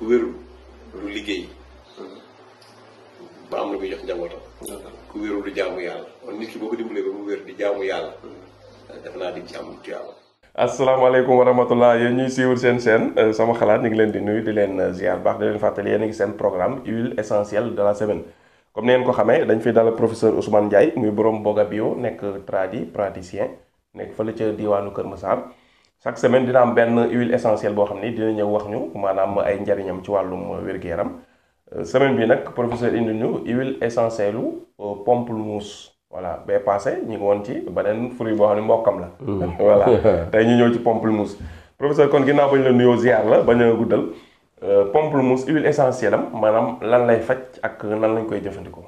ku wérul du ba am lu jox du nit ki ko di hmm. def di ci am tuyaaba asalaamaaleykum euh, sama xalaat ñi ngi leen di nuyu di leen euh, ziar baax di leen fatali yeen ngi sen programme huile essentielle de la semaine comme ni ngeen ko xamé dañ fi dal professeur Ousmane Ndiaye muy borom Boga Bio nek tradi praticien nek fele ci diwanu keur Massar chaque semaine dina am benn huile essentielle boo xam ni dina ñëw wax ñu maanaam ay njariñam ci wàllum wér-gu-yaram euh, semaine bi nag professeur indi ñu huile essentielle u euh, pamplemousse voilà bee passé ñu ngi woon ci beneen fruit boo xam ne mbokkam la. Mm. voilà tey ñu ñëw ci pamplemousse. professeur kon ginnaaw bañ la nuyoo ziar la bañ a guddal euh, pamplemousse huile essentielle am maanaam lan lay faj ak nan lañ koy jëfandikoo.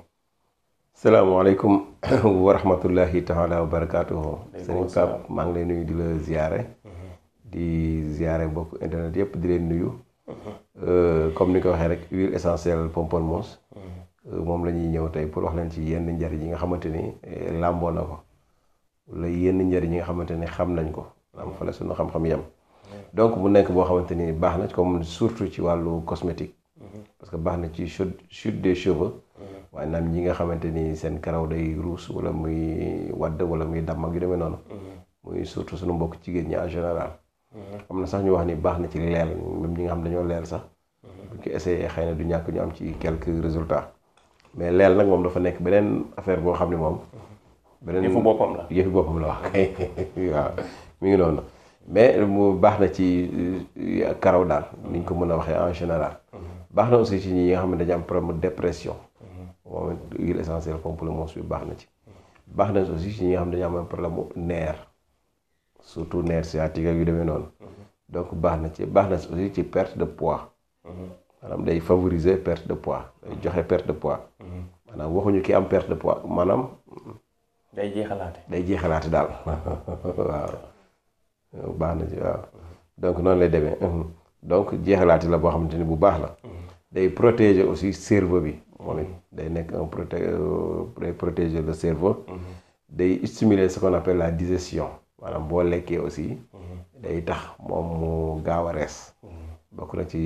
salaamaaleykum wa rahmatullahi taala wa barakaatuhu. sëriñ Pape maa ngi lay nuyu di la ziare. di ziare mbokk internet yëpp di leen nuyu. Euh, comme ni ko waxee rek huile essentielle Pamplemousse. Euh, moom la ñuy ñëw tey pour wax leen ci yenn njariñ yi nga xamante ni eh, làmboo na ko wala yenn njariñ yi nga xamante ni xam nañ ko am fa la suñu xam-xam yem. donc mu nekk boo xamante ni baax na comme surtout ci wàllu cosmétique. parce que baax na ci chute chute des cheveux. waaye naam ñi nga xamante ni seen karaw day ruus wala muy wadd wala muy damm ak yu demee noonu. muy surtout suñu mbokk jigéen ñi général. am na sax ñu wax ni baax na ci leel même ñi nga xam dañoo leel sax. buñ ci essayé xëy na du ñàkk ñu am ci quelque résultat mais leel nag moom dafa nekk beneen affaire boo xam ne moom. beneen yëfu boppam la boppam la wax waaw mi ngi noonu mais mu baax na ci euh, karaw daal. ni ñu ko mën a waxee en général. baax na aussi ci ñi nga xam ne dañu am problème dépression. moom huile essentielle complément bi baax na ci. baax na aussi ci ñi nga xam ne dañu am problème mu surtout nerf sciatique ak yu de donc ci aussi ci perte de poids. manam day favoriser perte de poids day joxe perte de poids. y ki am perte de poids manam day day ci donc non lay demee donc jeexalaate la bo xamante bu bax la. day protéger aussi cerveau bi. moom day nek un protéger euh, protéger le cerveau. Mhm. day stimuler ce qu'on appelle la digestion. maanaam boo lekkee aussi. Mhm. day tax moom mu gaaw a rees. Mhm. bokk na ci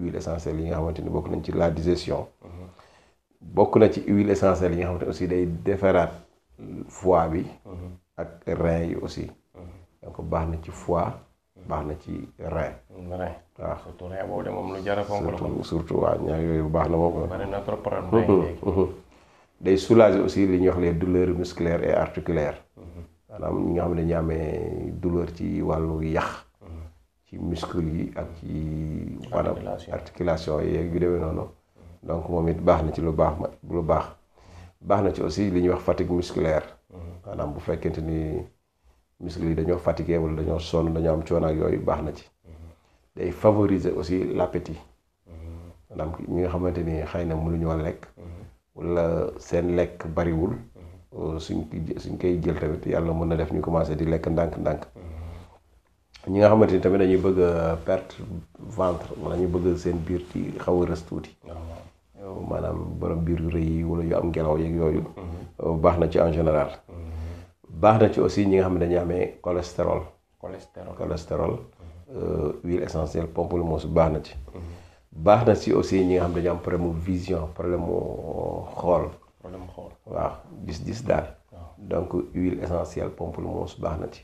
huile essentielle yi nga xamante ni bokk nañ ci la digestion. Mhm. bokk na ci huile essentielle yi nga xamante aussi day defaraat fois bi. ak rein yi aussi. donc baax na ci fois baax na ci rein. rein waaw surtout de moom lu jar a fonk la waaw ñaar yooyu baax na moom. bari na trop problème day aussi li ñuy wax les douleurs musculaires et articulaires. maanaam ñi nga xam ne dañuy amee douleur ci wàllu yax. ci muscle yi ak ci. maanaam articulation yeeg yu demee noonu. donc moom it baax na ci lu baax ma lu baax. baax na ci aussi li ñuy wax fatigue musculaire. maanaam bu fekkente ni muscle yi dañoo fatigué wala dañoo sonn dañoo am coono ak yooyu baax na ci. day favoriser aussi l'appétit. maanaam ñi nga xamante ni xëy na mënuñu woon lekk. wala seen lekk bariwul. suñ suñ koy jël tamit yàlla mën na def ñu commencé di lek ndànk-ndànk ñi nga xamante ni tamit dañuy bëgg a perte ventre wala ñu bëgg seen biir ci xaw a rës tuuti maanaam borom biir yu rëy yi wala yu am ngelaw yeeg yooyu hmm. oh, baax ci en général hmm. baax ci aussi ñi nga xam dañuy amee cholestérol cholestérol cholestérol huile hmm. eh, essentielle pamplemousse mos na ci baax ci aussi ñi nga xam ne am problème vision problème mu eh, xool waaw gis-gis daal donc pomp huile essentielle su baax na ci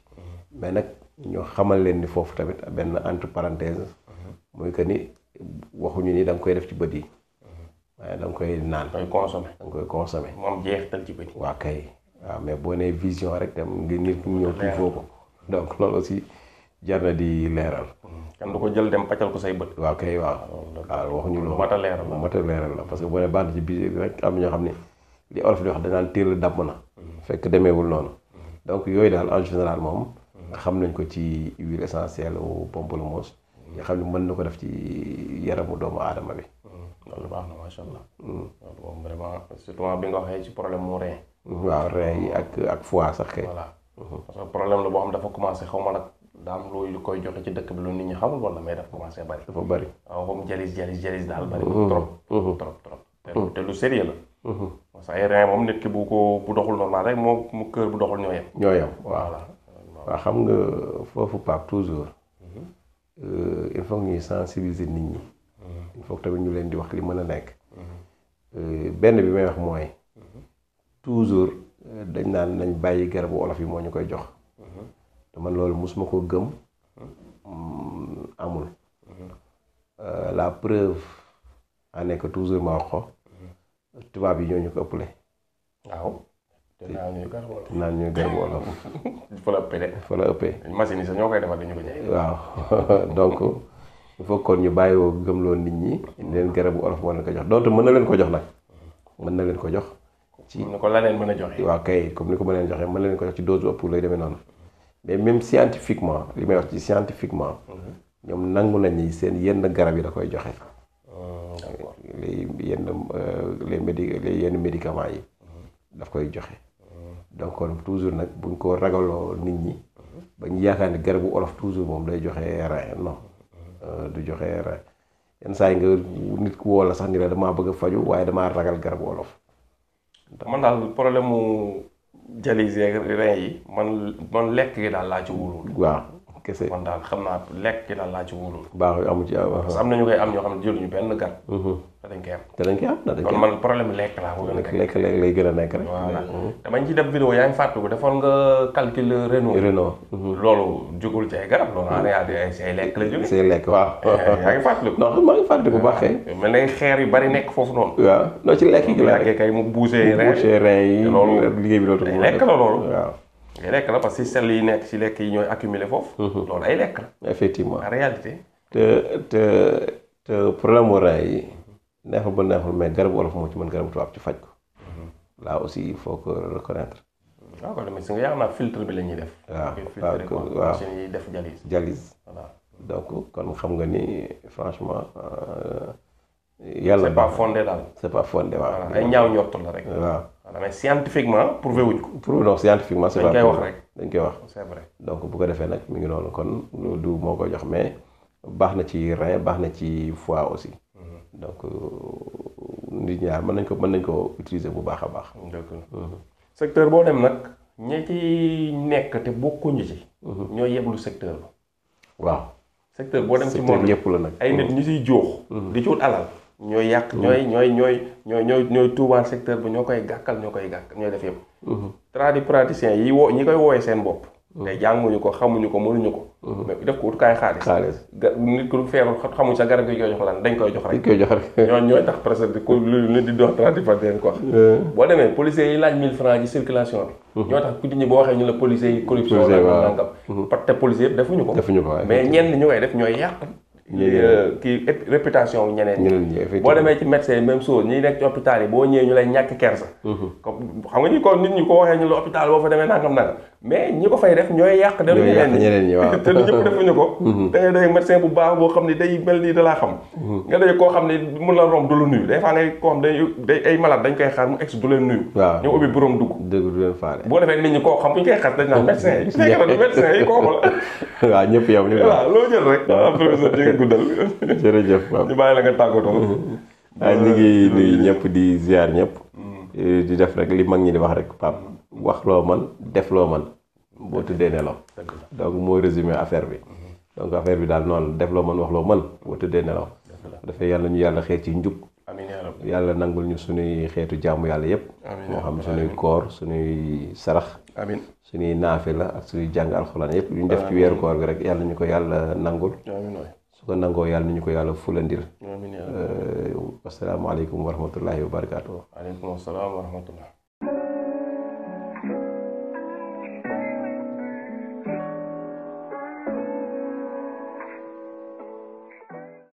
mais nag ñoo xamal leen ni foofu tamit benn entre parenthèse mhm. muy que ni waxuñu nii da koy def ci bët yi mhm. waaye da koy naan da nga koy consommé mu am jeexital ci bët yi waaw kay waaw mais boo nee vision rek tam ngir nit ñi ñëw ko donc loolu aussi jar di leeral. Mhm. kan du ko jël dem pàccal ko mat a leeral la parce que boo nee baax na ci biir rek am ñoo xam ni. li olof di wax danaan téel damm na fekk demeewul noonu donc yooyu daal en général moom xam nañ ko ci huile essentielle ou pamplemousse nga xam ne mën na ko def ci yaramu doomu aadama bi loolu baax na macha allah loolu hmm. moom vraiment surtout bi nga waxee ci problème mu rein waaw rein yi ak ak sax kay voilà hmm. parce que problème la boo xam dafa commencé xaw ma nag daa am lu koy joxe ci dëkk bi lu nit ñi xamul wala mais dafa commencé bari dafa bari waaw comme jalis jalis jalis daal bari hmm. trop trop trop te l sérieux la parce que aérien moom nit bu ko bu doxul normal rek moo mu kër bu doxul ñoo yem. ñoo waaw waaw xam nga foofu Pape toujours euh, il faut ñuy sensibiliser nit ñi. Mhm. il faut tamit ñu leen di wax li mën a nekk. Mhm. Euh, benn bi may wax mooy. toujours euh, dañ naan nañ bàyyi garabu olof yi moo ñu koy jox. Mhm. te man loolu mosuma ko gëm. Mm, amul. la preuve en est toujours ma wax ko. tubaab yi ñoo ñu ko le waaw. te naan ñuy garab wolof naan ñuy garab wolof. fa la ëppee de. fa la ëppee. machine yi sax ñoo koy defar dañu ko jaay. waaw donc il faut kon ñu gëm gëmloo nit ñi. leen garabu olof moo leen ko jox donte mën na leen ko jox nag. mën na leen ko jox. ci ni ko la leen mën a joxe. waaw comme ni ko mën leen joxe mën na leen ko jox ci dose bu ëpp lay demee noonu. mais même scientifiquement li may wax ci scientifiquement. Mhm. ñoom nangu nañ ni seen yenn garab yi da koy joxe. d'accord les yenn euh, les yi. daf koy joxe. donc kon toujours nag buñ ko ragaloo nit ñi. ba ñu yaakaar ne garabu olof toujours moom day joxe rein non. Euh, du joxe rein yenn saa yi nga nit ku woo la sax ni la damaa bëgg a faju waaye damaa ragal garabu olof. man daal problème mu dialyse rein yi man man lekk gi daal laa ci wóorul. waaw. kese kon daal xam naa lekk gi daal laa ci wóolu. baax amu ci parce am na ñu koy am ñoo xam ne jëluñu benn gan. te mhm. dañ koy am. te dañ koy am dañ koy am kon man problème lekk laa ko gën nekk rek. voilà mhm. damañ ci def vidéo ngi fàttaliku defoon nga calcul Renault. Renault. Mhm. loolu jugul ci ay garab loolu en réalité say la jógee. lekk waaw. yaa ngi fàttaliku. non xam maa baaxee. mel na xeer yu bari nekk foofu noonu. waaw non ci lekk gi la rek. bu yàggee kay mu buusee rein. yi loolu liggéey bi dootul. lekk la loolu waaw ay lekk la parce que sel yi nekk ci lekk yi ñooy accumulé foofu. Mhm. loolu ay lekk effectivement en réalité. te te te problème mu rein yi neexul ba neexul mais garabu wolof moo ci mën garabu tubaab ci faj ko. Mhm. là aussi il faut que reconnaître. filtre bi lañuy def. waaw waaw machine yi def dialyse. dialyse donc kon xam nga ni franchement. Euh, yàlla c'est pas fondé daal. mais scientifiquement prouvé wuñ ko. prouvé donc scientifiquement c'est vrai dañ koy wax c'est vrai donc bu ko défé nak mi ngi noonu kon du moko jox mais baxna ci rein baxna ci foie aussi. Mhm. donc euh, nit ñaar mën nañ ko mën nañ ko utiliser bu baax a mhm. secteur bo dem nak ñi ci nekk te ñu ci. Mhm. ñoy yeblu secteur waaw secteur bo dem ci mom secteur la nag. ay nit ñu ci jox di ci wut alal. ñooy yàq mm-hmm. ñooy ñooy ñooy ñooy ñooy ñooy tuubaal secteur bi ñoo koy gàkkal ñoo koy gàkk ñooy def yëpp mm-hmm. tradipraticiens yi woo ñi koy wooye seen bopp mm-hmm. te jànguñu ko xamuñu ko mënuñu ko def ko ut kaay xaalis nit ku feebar xamuñ sa garab yi koy jox lan dañ jox rek ñooñ ñooy tax presque ku eh. boo demee policiers yi laaj mille francs ci circulation bi ñoo tax ku nit boo waxee ñu la policiers yi corruption la nangam te policiers yëpp defuñu ko mais ñenn ñu koy def ñooy yàq Euh, kii réputation wu ñeneen ñi boo demee ci médecin même chose ñi nekk ci hôpital yi boo ñëwee ñu lay ñàkk kersa mm-hmm. comme xam nga ni ko nit ñi ko waxee ñu la hôpital boo fa demee nangam nangam mais ñi ko fay def ñooy yàq dem ñeneen ñi waaw te lu ñëpp defuñu ko da ngay dégg médecin bu baax boo xam ne day mel nii da laa xam mm-hmm. nga dégg koo xam ne mun la romb du la nuyu des fois ngay koo xam day day ay malade dañ koy xaar mu ex du leen nuyu waaw ñoo ubbi borom dugg dëgg du leen faale boo defee nit ñi koo xam bu ñu koy xas dañ naan médecin yi médecin yi kooku la waaw ñëpp yow li waaw loo jël rek jërëjëf Pape ñu bàyyi la nga ah, ngi ñëpp di ziar ñëpp. Eh, di def rek li mag ñi di wax rek Pape wax loo man def loo man boo tuddee nelaw. donc moo résumé affaire bi. Mhm. donc affaire bi daal noonu def loo man wax loo man boo tuddee nelaw. dafay yàlla ñu yàlla xeet ci njub. yàlla nangul ñu suñuy xeetu jaamu yàlla yépp moo xam suñuy koor suñuy sarax amiin suñuy naafe la ak suñuy jàng alxuraan yépp yu ñu def ci weeru koor gi rek yàlla ñu ko yàlla nangul su ko nangoo yàlla ni ñu ko yàlla fulandir. amiin euh, asalaamaaleykum wa rahmatullahi wa barakaatu. waaleykum salaam wa